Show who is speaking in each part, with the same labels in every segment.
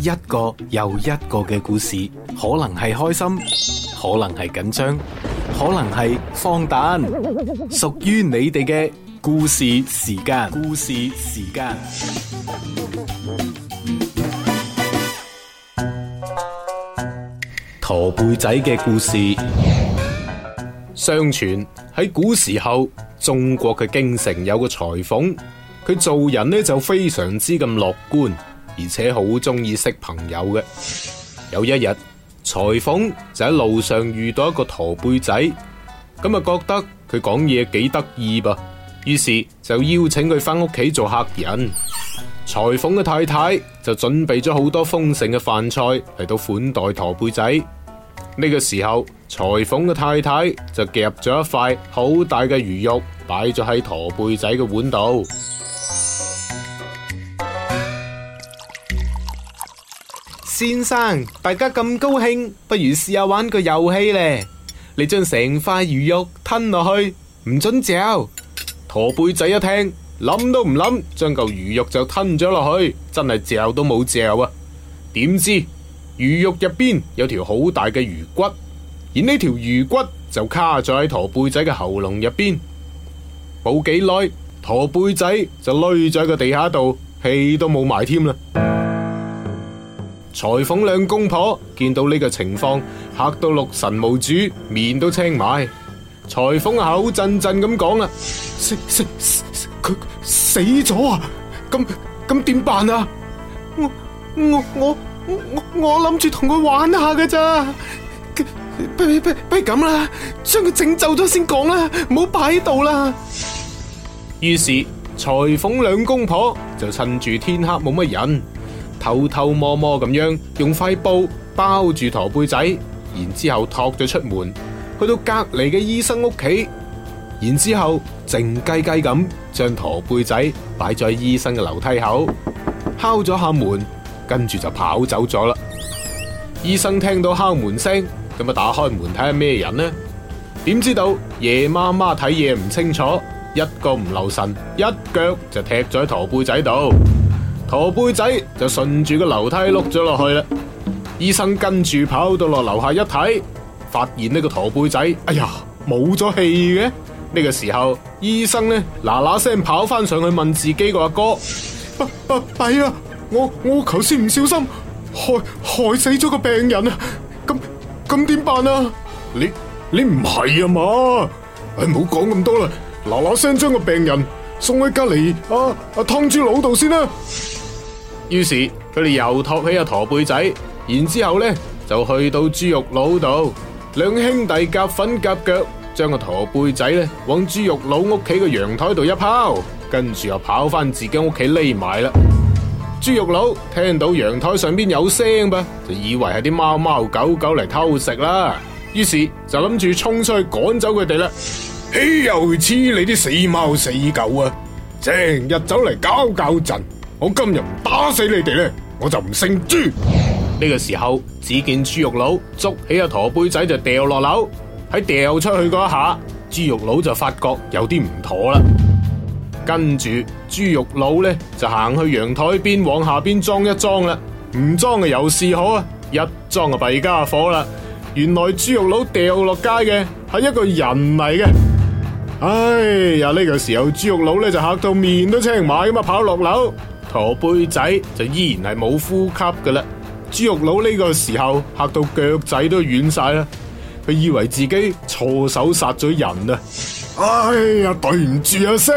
Speaker 1: 一個又一個嘅故事，可能係開心，可能係緊張，可能係荒誕，屬於 你哋嘅故事時間。故事時間。駝背仔嘅故事，相傳喺古時候，中國嘅京城有個裁縫，佢做人呢就非常之咁樂觀。而且好中意識朋友嘅。有一日，裁縫就喺路上遇到一個駝背仔，咁啊覺得佢講嘢幾得意噃，於是就邀請佢翻屋企做客人。裁縫嘅太太就準備咗好多豐盛嘅飯菜嚟到款待駝背仔。呢個時候，裁縫嘅太太就夾咗一塊好大嘅魚肉擺咗喺駝背仔嘅碗度。先生，大家咁高興，不如試下玩個遊戲呢。你將成塊魚肉吞落去，唔准嚼。駝背仔一聽，諗都唔諗，將嚿魚肉就吞咗落去，真係嚼都冇嚼啊！點知魚肉入邊有條好大嘅魚骨，而呢條魚骨就卡咗喺駝背仔嘅喉嚨入邊。冇幾耐，駝背仔就累咗喺個地下度，氣都冇埋添啦。裁縫兩公婆見到呢個情況，嚇到六神無主，面都青埋。裁縫口震震咁講啦：死死，佢死咗啊！咁咁點辦啊？我我我我我諗住同佢玩下嘅咋？不不不不咁啦，將佢整走咗先講啦，唔好擺喺度啦。於是裁縫兩公婆就趁住天黑冇乜人。偷偷摸摸咁樣，用塊布包住駝背仔，然之後托咗出門，去到隔籬嘅醫生屋企，然之後靜雞雞咁將駝背仔擺在醫生嘅樓梯口，敲咗下門，跟住就跑走咗啦。醫生聽到敲門聲，咁啊打開門睇下咩人呢？點知道夜媽媽睇嘢唔清楚，一個唔留神，一腳就踢咗喺駝背仔度。駝背仔就順住個樓梯碌咗落去啦，醫生跟住跑到落樓下一睇，發現呢個駝背仔，哎呀，冇咗氣嘅。呢個時候，醫生呢，嗱嗱聲跑翻上去問自己個阿哥，哥，係啊，啊哎、我我求先唔小心害害死咗個病人啊！咁咁點辦啊？你你唔係啊嘛？哎，唔好講咁多啦，嗱嗱聲將個病人送去隔籬啊，阿湯豬佬度先啦，啊。於是佢哋又托起個駝背仔，然之後咧就去到豬肉佬度，兩兄弟夾粉夾腳，將個駝背仔咧往豬肉佬屋企個陽台度一拋，跟住又跑翻自己屋企匿埋啦。豬肉佬聽到陽台上邊有聲噃，就以為係啲貓貓狗狗嚟偷食啦，於是就諗住衝出去趕走佢哋啦。哎呀，黐你啲死貓死狗啊！成日走嚟搞搞陣。我今日唔打死你哋咧，我就唔姓豬。呢個時候，只見豬肉佬捉起阿駝背仔就掉落樓。喺掉出去嗰一下，豬肉佬就發覺有啲唔妥啦。跟住，豬肉佬咧就行去陽台邊，往下邊裝一裝啦。唔裝啊，又試好啊；一裝啊，弊家伙啦。原來豬肉佬掉落街嘅係一個人嚟嘅。唉呀，呢個時候，豬肉佬咧就嚇到面都青埋咁啊，跑落樓。駝背仔就依然係冇呼吸噶啦，豬肉佬呢個時候嚇到腳仔都軟晒啦，佢以為自己錯手殺咗人啊！哎呀，對唔住啊，生，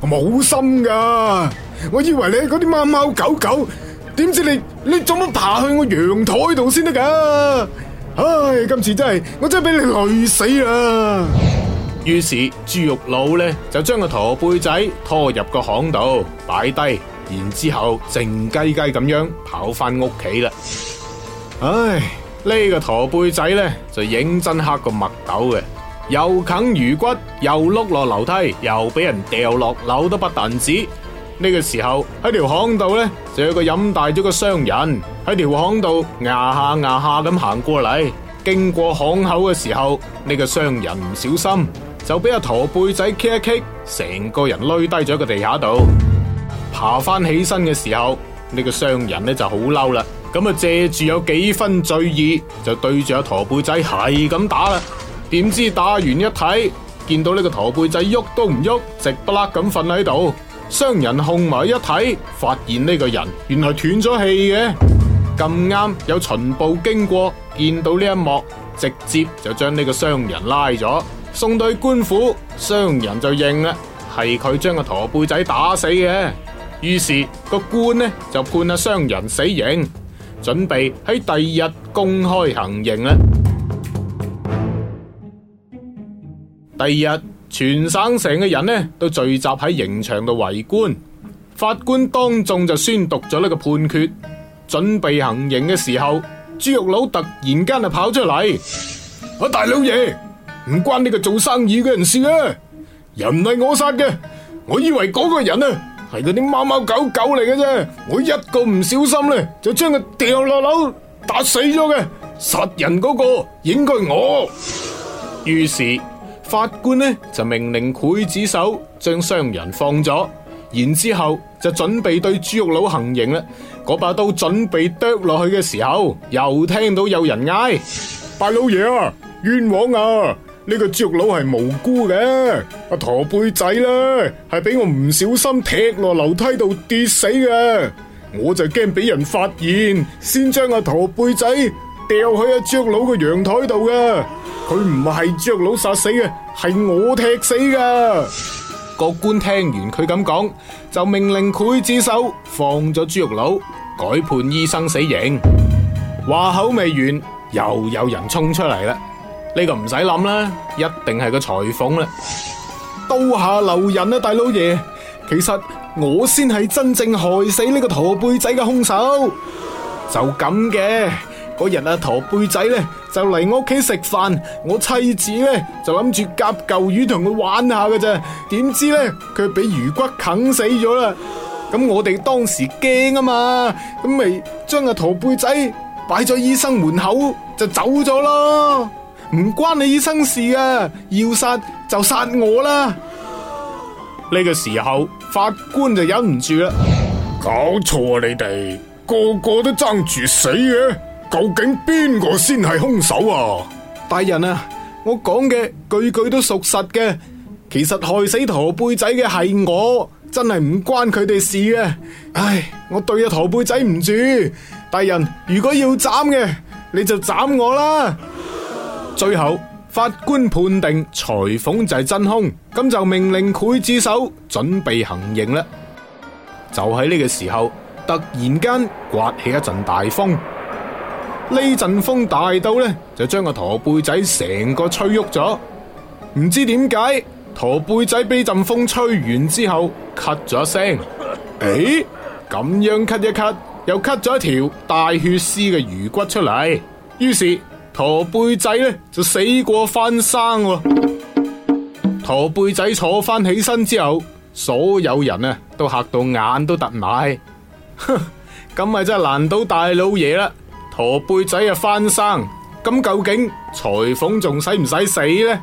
Speaker 1: 我冇心噶，我以為你嗰啲貓貓狗狗，點知你你做乜爬去我陽台度先得噶？唉、哎，今次真係我真係俾你累死啦！.於是豬肉佬呢，就將個駝背仔拖入個巷度擺低，然之後靜雞雞咁樣跑翻屋企啦。唉，呢個駝背仔呢，就認真黑個麥豆嘅，又啃魚骨，又碌落樓梯，又俾人掉落樓都不但止。呢個時候喺條巷度呢，就有個飲大咗個商人喺條巷度牙下牙下咁行過嚟，經過巷口嘅時候，呢個商人唔小心。就俾阿駝背仔 kick 一 kick，成個人累低咗喺個地下度。爬翻起身嘅時候，呢個商人呢就好嬲啦。咁啊借住有幾分醉意，就對住阿駝背仔係咁打啦。點知打完一睇，見到呢個駝背仔喐都唔喐，直不甩咁瞓喺度。商人控埋一睇，發現呢個人原來斷咗氣嘅。咁啱有巡捕經過，見到呢一幕，直接就將呢個商人拉咗。送到官府，商人就認啦，係佢將個駝背仔打死嘅。於是個官呢就判阿商人死刑，準備喺第二日公開行刑啦。第二日，全省成個人呢都聚集喺刑場度圍觀。法官當眾就宣讀咗呢個判決，準備行刑嘅時候，豬肉佬突然間就跑出嚟，阿、啊、大老爺。唔關呢個做生意嘅人事啊！人係我殺嘅，我以為嗰個人啊係嗰啲貓貓狗狗嚟嘅啫，我一個唔小心呢就將佢掉落樓打死咗嘅，殺人嗰個應該係我。於是法官呢就命令劊子手將商人放咗，然之後就準備對豬肉佬行刑啦。嗰把刀準備剁落去嘅時候，又聽到有人嗌：大老爺啊，冤枉啊！呢個豬肉佬係無辜嘅，阿、啊、駝背仔咧，係俾我唔小心踢落樓梯度跌死嘅，我就驚俾人發現，先將阿、啊、駝背仔掉去阿豬肉佬嘅陽台度嘅，佢唔係豬肉佬殺死嘅，係我踢死噶。各官聽完佢咁講，就命令佢自首，放咗豬肉佬，改判醫生死刑。話口未完，又有人衝出嚟啦。呢個唔使諗啦，一定係個裁縫啦！刀下留人啊，大老爺！其實我先係真正害死呢個駝背仔嘅兇手。就咁嘅，嗰日阿駝背仔呢就嚟我屋企食飯，我妻子呢就諗住夾舊魚同佢玩下嘅啫。點知呢？佢俾魚骨啃死咗啦！咁我哋當時驚啊嘛，咁咪將阿駝背仔擺咗醫生門口就走咗咯。唔關你醫生事啊！要殺就殺我啦！呢個時候，法官就忍唔住啦！搞錯啊！你哋個個都爭住死嘅，究竟邊個先係凶手啊？大人啊，我講嘅句句都屬實嘅。其實害死駝背仔嘅係我，真係唔關佢哋事啊。唉，我對啊駝背仔唔住。大人如果要斬嘅，你就斬我啦。最後，法官判定裁縫就係真凶，咁就命令佢自首，準備行刑啦。就喺呢個時候，突然間颳起一陣大風，呢陣風大到呢，就將個駝背仔成個吹喐咗。唔知點解，駝背仔被陣風吹完之後，咳咗一聲。誒，咁樣咳一咳，又咳咗一條帶血絲嘅魚骨出嚟。於是。駝背仔咧就死過翻生喎！駝背仔坐翻起身之後，所有人啊都吓到眼都突埋。咁咪真係難到大老爺啦！駝背仔啊翻生，咁、啊、究竟裁縫仲使唔使死呢？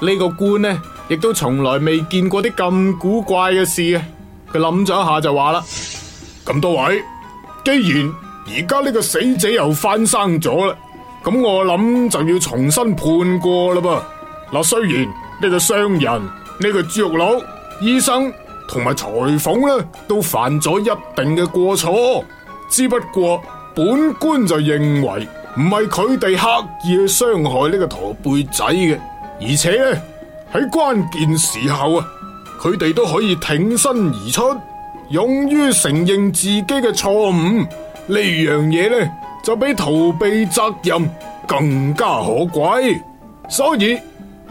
Speaker 1: 呢、這個官呢，亦都從來未見過啲咁古怪嘅事啊！佢諗咗一下就話啦：咁多位，既然而家呢個死者又翻生咗啦。咁我諗就要重新判過啦噃。嗱，雖然呢個商人、呢個豬肉佬、醫生同埋裁縫咧都犯咗一定嘅過錯，之不過本官就認為唔係佢哋刻意去傷害呢個駝背仔嘅，而且咧喺關鍵時候啊，佢哋都可以挺身而出，勇於承認自己嘅錯誤，呢樣嘢咧，就比逃避責任更加可貴，所以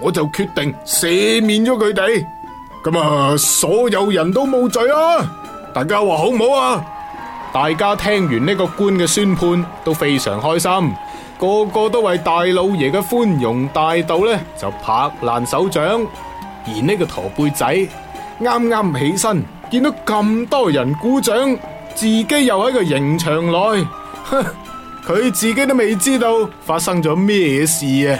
Speaker 1: 我就決定赦免咗佢哋。咁啊，所有人都冇罪啊！大家話好唔好啊？大家聽完呢個官嘅宣判都非常開心，個個都為大老爺嘅寬容大度呢就拍爛手掌。而呢個駝背仔啱啱起身，見到咁多人鼓掌，自己又喺個刑場內，呵呵。佢自己都未知道發生咗咩事啊！